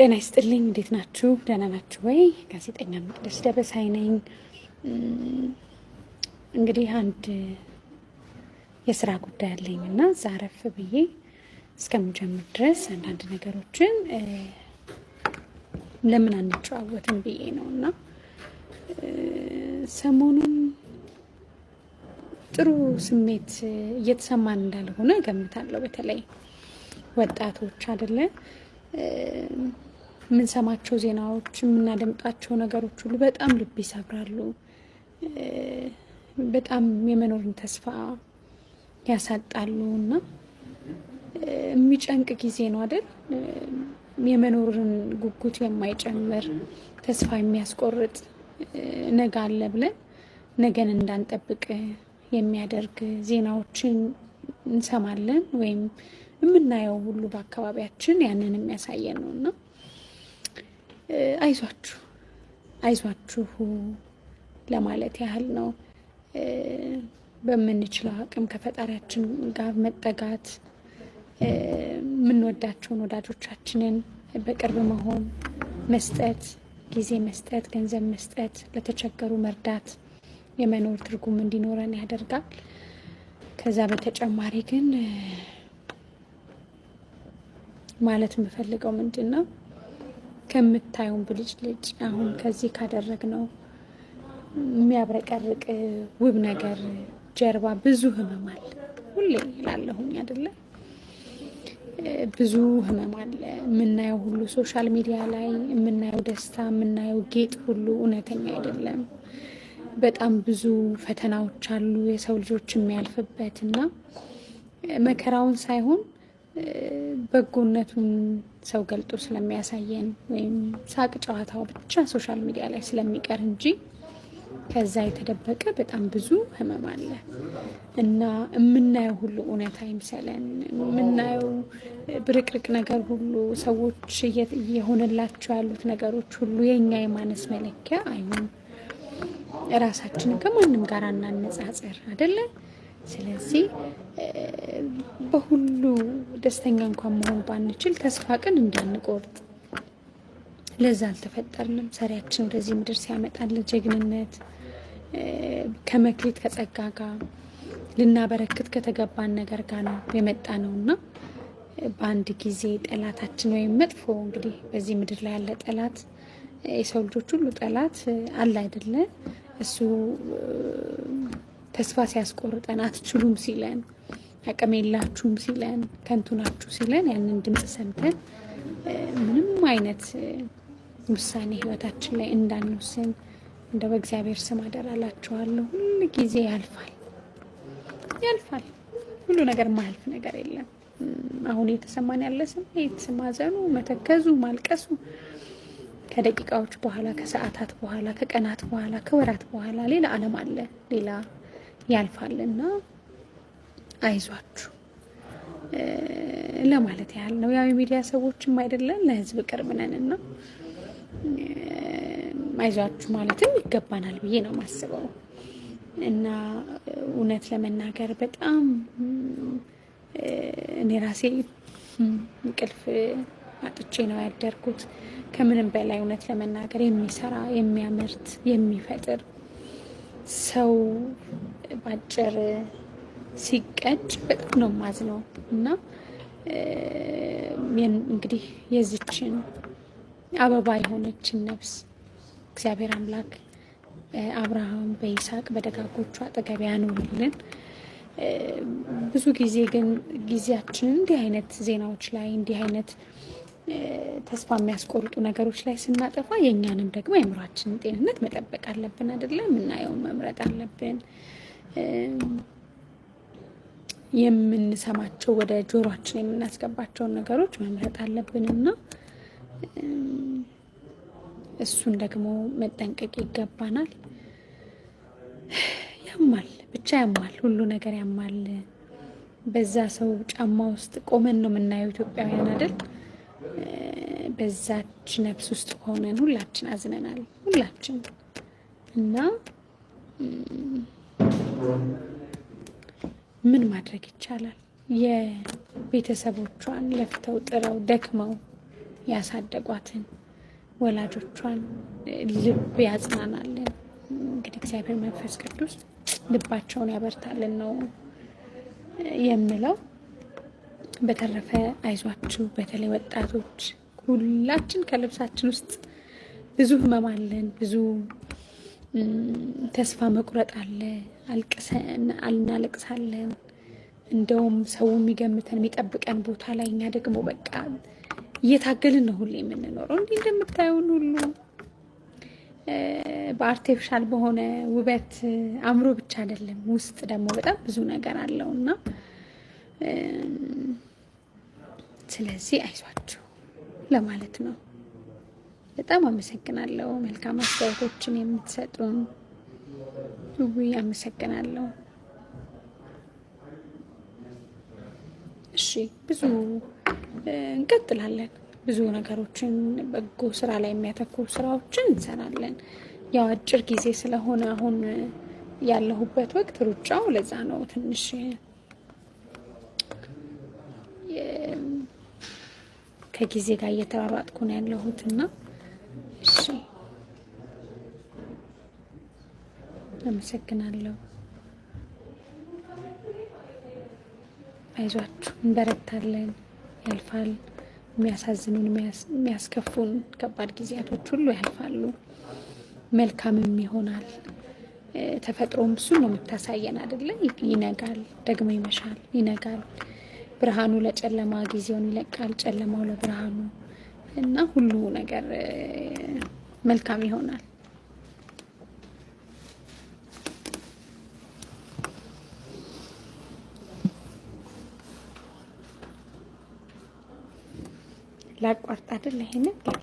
ጤና ይስጥልኝ። እንዴት ናችሁ? ደህና ናችሁ ወይ? ጋዜጠኛ መቅደስ ደበሳይ ነኝ። እንግዲህ አንድ የስራ ጉዳይ አለኝ እና እዛ አረፍ ብዬ እስከምጀምር ድረስ አንዳንድ ነገሮችን ለምን አንጨዋወትም ብዬ ነው እና ሰሞኑን ጥሩ ስሜት እየተሰማን እንዳልሆነ ገምታለሁ በተለይ ወጣቶች አይደለ የምንሰማቸው ዜናዎች፣ የምናደምጣቸው ነገሮች ሁሉ በጣም ልብ ይሰብራሉ። በጣም የመኖርን ተስፋ ያሳጣሉ እና የሚጨንቅ ጊዜ ነው አይደል? የመኖርን ጉጉት የማይጨምር ተስፋ የሚያስቆርጥ ነገ አለ ብለን ነገን እንዳንጠብቅ የሚያደርግ ዜናዎችን እንሰማለን ወይም የምናየው ሁሉ በአካባቢያችን ያንን የሚያሳየን ነው እና አይዟችሁ አይዟችሁ ለማለት ያህል ነው። በምንችለው አቅም ከፈጣሪያችን ጋር መጠጋት፣ የምንወዳቸውን ወዳጆቻችንን በቅርብ መሆን፣ መስጠት፣ ጊዜ መስጠት፣ ገንዘብ መስጠት፣ ለተቸገሩ መርዳት የመኖር ትርጉም እንዲኖረን ያደርጋል። ከዛ በተጨማሪ ግን ማለት የምፈልገው ምንድን ነው ከምታዩን ብልጭልጭ አሁን ከዚህ ካደረግነው የሚያብረቀርቅ ውብ ነገር ጀርባ ብዙ ህመም አለ። ሁሌ ላለሁኝ አይደለ? ብዙ ህመም አለ። የምናየው ሁሉ ሶሻል ሚዲያ ላይ የምናየው ደስታ፣ የምናየው ጌጥ ሁሉ እውነተኛ አይደለም። በጣም ብዙ ፈተናዎች አሉ የሰው ልጆች የሚያልፍበት እና መከራውን ሳይሆን በጎነቱን ሰው ገልጦ ስለሚያሳየን ወይም ሳቅ ጨዋታው ብቻ ሶሻል ሚዲያ ላይ ስለሚቀር እንጂ ከዛ የተደበቀ በጣም ብዙ ህመም አለ እና የምናየው ሁሉ እውነት አይምሰለን። የምናየው ብርቅርቅ ነገር ሁሉ፣ ሰዎች እየሆነላቸው ያሉት ነገሮች ሁሉ የእኛ የማነስ መለኪያ አይሁን። እራሳችንን ከማንም ጋር እናነጻጽር አይደለን። ስለዚህ ደስተኛ እንኳን መሆን ባንችል ተስፋ ግን እንዳንቆርጥ ለዛ አልተፈጠርንም። ሰሪያችን ወደዚህ ምድር ሲያመጣል ጀግንነት ከመክሊት ከጸጋ ጋር ልናበረክት ከተገባን ነገር ጋር ነው የመጣ ነው እና በአንድ ጊዜ ጠላታችን ወይም መጥፎ እንግዲህ በዚህ ምድር ላይ ያለ ጠላት የሰው ልጆች ሁሉ ጠላት አለ አይደለ? እሱ ተስፋ ሲያስቆርጠን አትችሉም ሲለን አቅም የላችሁም ሲለን ከንቱ ናችሁ ሲለን ያንን ድምፅ ሰምተን ምንም አይነት ውሳኔ ህይወታችን ላይ እንዳንወስን እንደ በእግዚአብሔር ስም አደራላችኋለሁ። ሁሉ ጊዜ ያልፋል ያልፋል። ሁሉ ነገር ማያልፍ ነገር የለም። አሁን የተሰማን ያለ ስሜት ማዘኑ፣ መተከዙ፣ ማልቀሱ ከደቂቃዎች በኋላ ከሰዓታት በኋላ ከቀናት በኋላ ከወራት በኋላ ሌላ ዓለም አለ ሌላ ያልፋል እና አይዟችሁ ለማለት ያህል ነው። ያው የሚዲያ ሰዎችም አይደለን ለህዝብ ቅርብ ነን እና አይዟችሁ ማለትም ይገባናል ብዬ ነው የማስበው። እና እውነት ለመናገር በጣም እኔ ራሴ እንቅልፍ አጥቼ ነው ያደርኩት። ከምንም በላይ እውነት ለመናገር የሚሰራ የሚያመርት የሚፈጥር ሰው ባጭር ሲቀጭ በጣም ነው የማዝነው እና እንግዲህ የዚችን አበባ የሆነችን ነፍስ እግዚአብሔር አምላክ አብርሃም በይስሐቅ በደጋጎቹ አጠገብ ያኖርልን። ብዙ ጊዜ ግን ጊዜያችንን እንዲህ አይነት ዜናዎች ላይ እንዲህ አይነት ተስፋ የሚያስቆርጡ ነገሮች ላይ ስናጠፋ የእኛንም ደግሞ የአእምሯችንን ጤንነት መጠበቅ አለብን አይደለም? የምናየውን መምረጥ አለብን። የምንሰማቸው ወደ ጆሯችን የምናስገባቸውን ነገሮች መምረጥ አለብን እና እሱን ደግሞ መጠንቀቅ ይገባናል። ያማል፣ ብቻ ያማል፣ ሁሉ ነገር ያማል። በዛ ሰው ጫማ ውስጥ ቆመን ነው የምናየው ኢትዮጵያውያን አይደል? በዛች ነፍስ ውስጥ ሆነን ሁላችን አዝነናል፣ ሁላችን እና ምን ማድረግ ይቻላል? የቤተሰቦቿን ለፍተው ጥረው ደክመው ያሳደጓትን ወላጆቿን ልብ ያጽናናልን። እንግዲህ እግዚአብሔር መንፈስ ቅዱስ ልባቸውን ያበርታልን ነው የምለው። በተረፈ አይዟችሁ፣ በተለይ ወጣቶች ሁላችን ከልብሳችን ውስጥ ብዙ ህመም አለን ብዙ ተስፋ መቁረጥ አለ፣ አልናለቅሳለን እንደውም ሰው የሚገምተን የሚጠብቀን ቦታ ላይ እኛ ደግሞ በቃ እየታገልን ነው ሁሌ የምንኖረው። እንዲህ እንደምታየውን ሁሉ በአርቴፊሻል በሆነ ውበት አእምሮ ብቻ አይደለም፣ ውስጥ ደግሞ በጣም ብዙ ነገር አለው እና ስለዚህ አይዟችሁ ለማለት ነው። በጣም አመሰግናለሁ። መልካም አስተያየቶችን የምትሰጡን ውይ አመሰግናለሁ። እሺ ብዙ እንቀጥላለን። ብዙ ነገሮችን በጎ ስራ ላይ የሚያተኩሩ ስራዎችን እንሰራለን። ያው አጭር ጊዜ ስለሆነ አሁን ያለሁበት ወቅት ሩጫው ለዛ ነው ትንሽ ከጊዜ ጋር እየተሯሯጥኩ ነው ያለሁት እና አመሰግናለሁ። አይዟችሁ፣ እንበረታለን። ያልፋል። የሚያሳዝኑን የሚያስከፉን ከባድ ጊዜያቶች ሁሉ ያልፋሉ። መልካምም ይሆናል። ተፈጥሮም እሱን ነው የምታሳየን አይደለ? ይነጋል፣ ደግሞ ይመሻል፣ ይነጋል። ብርሃኑ ለጨለማ ጊዜውን ይለቃል፣ ጨለማው ለብርሃኑ እና ሁሉ ነገር መልካም ይሆናል። ላቋርጥ አይደል ይሄንን